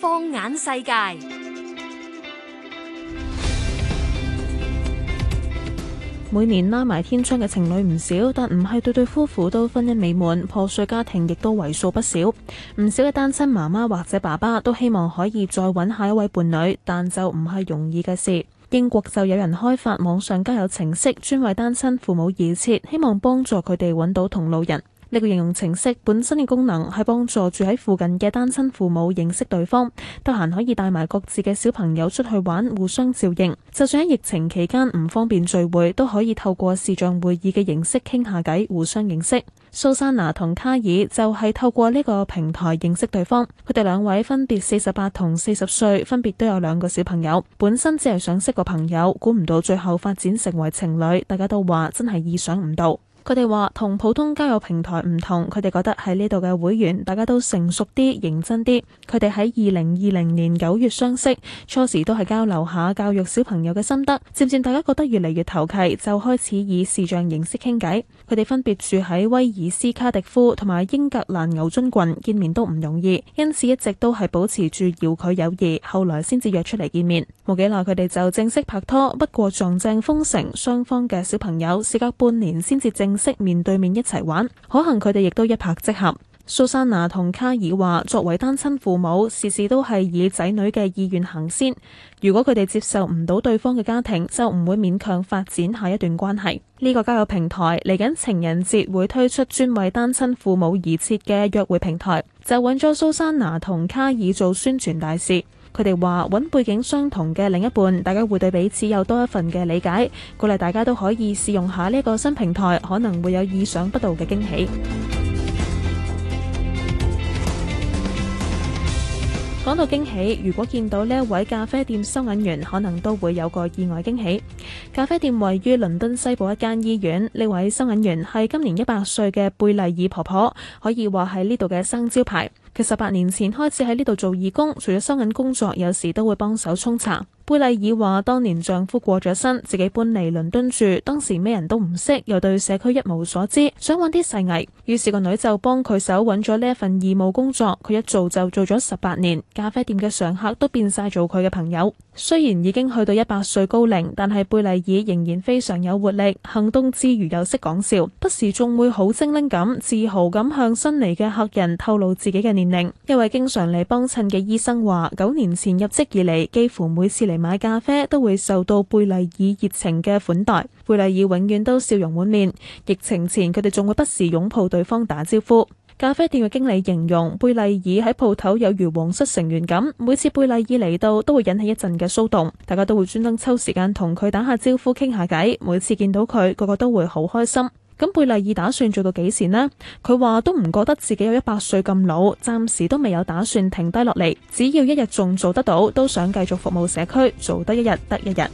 放眼世界，每年拉埋天窗嘅情侶唔少，但唔係對對夫婦都婚姻美滿，破碎家庭亦都為數不少。唔少嘅單親媽媽或者爸爸都希望可以再搵下一位伴侶，但就唔係容易嘅事。英國就有人開發網上交友程式，專為單親父母而設，希望幫助佢哋搵到同路人。呢個應用程式本身嘅功能係幫助住喺附近嘅單親父母認識對方，得閒可以帶埋各自嘅小朋友出去玩，互相照應。就算喺疫情期間唔方便聚會，都可以透過視像會議嘅形式傾下偈，互相認識。蘇珊娜同卡爾就係透過呢個平台認識對方，佢哋兩位分別四十八同四十歲，分別都有兩個小朋友。本身只係想識個朋友，估唔到最後發展成為情侶，大家都話真係意想唔到。佢哋話同普通交友平台唔同，佢哋覺得喺呢度嘅會員大家都成熟啲、認真啲。佢哋喺二零二零年九月相識，初時都係交流下教育小朋友嘅心得。漸漸大家覺得越嚟越投契，就開始以視像形式傾偈。佢哋分別住喺威爾斯卡迪夫同埋英格蘭牛津郡，見面都唔容易，因此一直都係保持住遙距友誼。後來先至約出嚟見面，冇幾耐佢哋就正式拍拖。不過撞正封城，雙方嘅小朋友事隔半年先至正。認識面對面一齊玩，可能佢哋亦都一拍即合。蘇珊娜同卡爾話，作為單親父母，事事都係以仔女嘅意願行先。如果佢哋接受唔到對方嘅家庭，就唔會勉強發展下一段關係。呢個交友平台嚟緊情人節會推出專為單親父母而設嘅約會平台，就揾咗蘇珊娜同卡爾做宣傳大使。佢哋話：揾背景相同嘅另一半，大家會對彼此有多一份嘅理解。鼓勵大家都可以試用下呢一個新平台，可能會有意想不到嘅驚喜。講到驚喜，如果見到呢一位咖啡店收銀員，可能都會有個意外驚喜。咖啡店位於倫敦西部一間醫院，呢位收銀員係今年一百歲嘅貝麗爾婆婆，可以話係呢度嘅生招牌。其十八年前開始喺呢度做義工，除咗收銀工作，有時都會幫手沖茶。貝麗爾話：當年丈夫過咗身，自己搬嚟倫敦住，當時咩人都唔識，又對社區一無所知，想揾啲細藝，於是個女就幫佢手揾咗呢一份義務工作。佢一做就做咗十八年，咖啡店嘅常客都變晒做佢嘅朋友。雖然已經去到一百歲高齡，但係貝麗爾仍然非常有活力，行動之餘又識講笑，不時仲會好精靈咁自豪咁向新嚟嘅客人透露自己嘅年年，一位經常嚟幫襯嘅醫生話：九年前入職以嚟，幾乎每次嚟買咖啡都會受到貝麗爾熱情嘅款待。貝麗爾永遠都笑容滿面。疫情前，佢哋仲會不時擁抱對方打招呼。咖啡店嘅經理形容貝麗爾喺鋪頭有如皇室成員咁，每次貝麗爾嚟到都會引起一陣嘅騷動，大家都會專登抽時間同佢打下招呼，傾下偈。每次見到佢，個個都會好開心。咁貝麗爾打算做到幾時呢？佢話都唔覺得自己有一百歲咁老，暫時都未有打算停低落嚟，只要一日仲做得到，都想繼續服務社區，做得一日得一日。